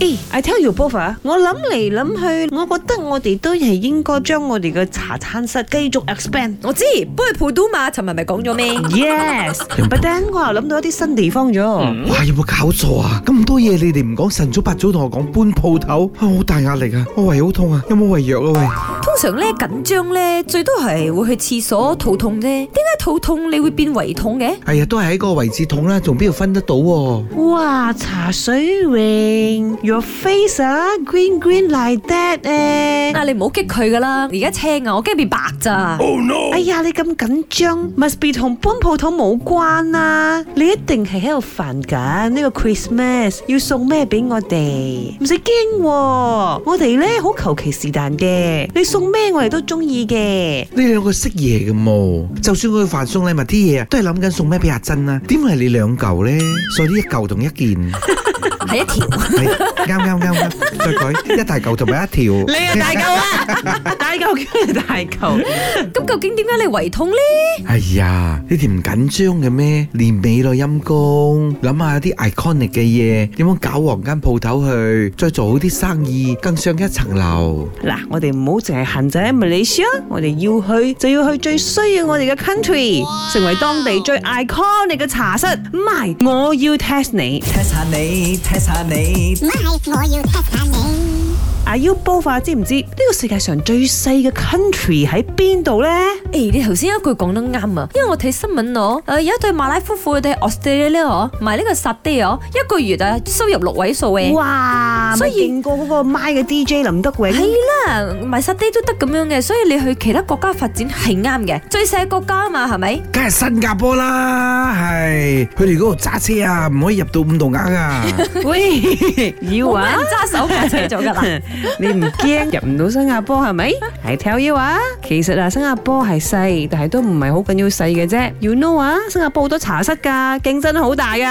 誒、hey,，I tell you, Bofer，我諗嚟諗去，我覺得我哋都係應該將我哋嘅茶餐室繼續 expand。我知，搬去鋪都嘛，尋日咪講咗咩？Yes，但係我又諗到一啲新地方咗、嗯。哇，有冇搞錯啊？咁多嘢你哋唔講晨早八早同我講搬鋪頭、啊，好大壓力啊！我胃好痛啊，有冇胃藥啊？喂，通常咧緊張咧最多係會去廁所肚痛啫。點解肚痛你會變胃痛嘅？係啊，都係喺個位置痛啦，仲邊度分得到、啊？哇，茶水榮。Your face 啊、uh,，green green like that 咧、uh,。啊，你唔好激佢噶啦。而家青啊，我驚變白咋。Oh, no！哎呀，你咁緊張、mm -hmm.，must be 同搬鋪頭冇關啊。你一定係喺度煩緊呢個 Christmas 要送咩俾我哋？唔使驚，我哋咧好求其是但嘅。你送咩我哋都中意嘅。你兩個識嘢嘅喎，就算佢煩送禮物啲嘢啊，都係諗緊送咩俾阿珍啊。點係你兩嚿咧？所以一嚿同一件。 係一條，啱啱啱，再改一大嚿同埋一條。你啊大嚿啊，大嚿叫你大嚿，咁究竟點解你胃痛咧？哎呀，呢條唔緊張嘅咩？連尾咯陰功，諗下啲 iconic 嘅嘢，點樣搞旺間鋪頭去，再做好啲生意，更上一層樓。嗱，我哋唔好淨係行就喺 Malaysia 咯，我哋要去就要去最需要我哋嘅 country，成為當地最 iconic 嘅茶室。My，我要 test 你，test 下你。唔係，我要 test 下你。Are you both？知唔知呢個世界上最細嘅 country 喺邊度咧？誒，你頭先一句講得啱啊！因為我睇新聞咯，誒，有一對馬來夫婦喺澳大利亞哦，賣呢個沙爹哦，一個月啊收入六位數嘅。哇！咪見過嗰個 My 嘅 DJ 林德榮。唔係實啲都得咁樣嘅，所以你去其他國家發展係啱嘅，最細國家啊嘛，係咪？梗係新加坡啦，係。佢哋嗰度揸車啊，唔可以入到五度硬啊。喂，要啊，揸手駕車做噶啦。你唔驚入唔到新加坡係咪？係 tell you 啊。其實啊，新加坡係細，但係都唔係好緊要細嘅啫。You know 啊，新加坡好多茶室噶，競爭都好大噶。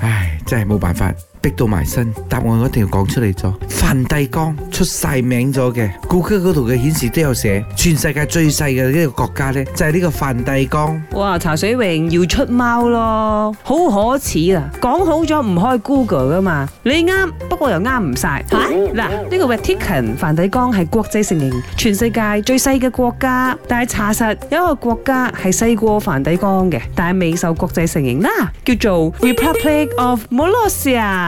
唉，真係冇辦法。逼到埋身，答案我一定要講出嚟咗。梵蒂岡出晒名咗嘅，Google 嗰度嘅顯示都有寫，全世界最細嘅一個國家咧就係、是、呢個梵蒂岡。哇，查水泳要出貓咯，好可恥啊！講好咗唔開 Google 㗎嘛，你啱，不過又啱唔晒。嗱、啊，呢、啊啊這個 Vatican 梵蒂岡係國際承認全世界最細嘅國家，但係查實有一個國家係細過梵蒂岡嘅，但係未受國際承認，啦、啊，叫做 Republic of Molossia。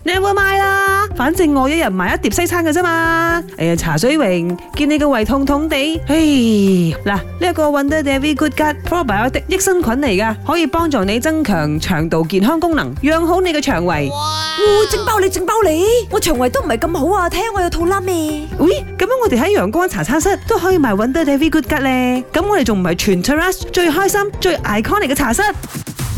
你有冇賣啦？反正我一日賣一碟西餐嘅啫嘛。誒，茶水榮，見你個胃痛痛地，誒，嗱，呢一個 Wonderdiet V Good Gut probiotic 益生菌嚟噶，可以幫助你增強腸道健康功能，養好你嘅腸胃。哇！整包你整包你，我腸胃都唔係咁好啊，聽我有肚腩咩？喂，咁樣我哋喺陽光茶餐室都可以賣 Wonderdiet V Good Gut 咧，咁我哋仲唔係全 Terra 最開心、最 iconic 嘅茶室？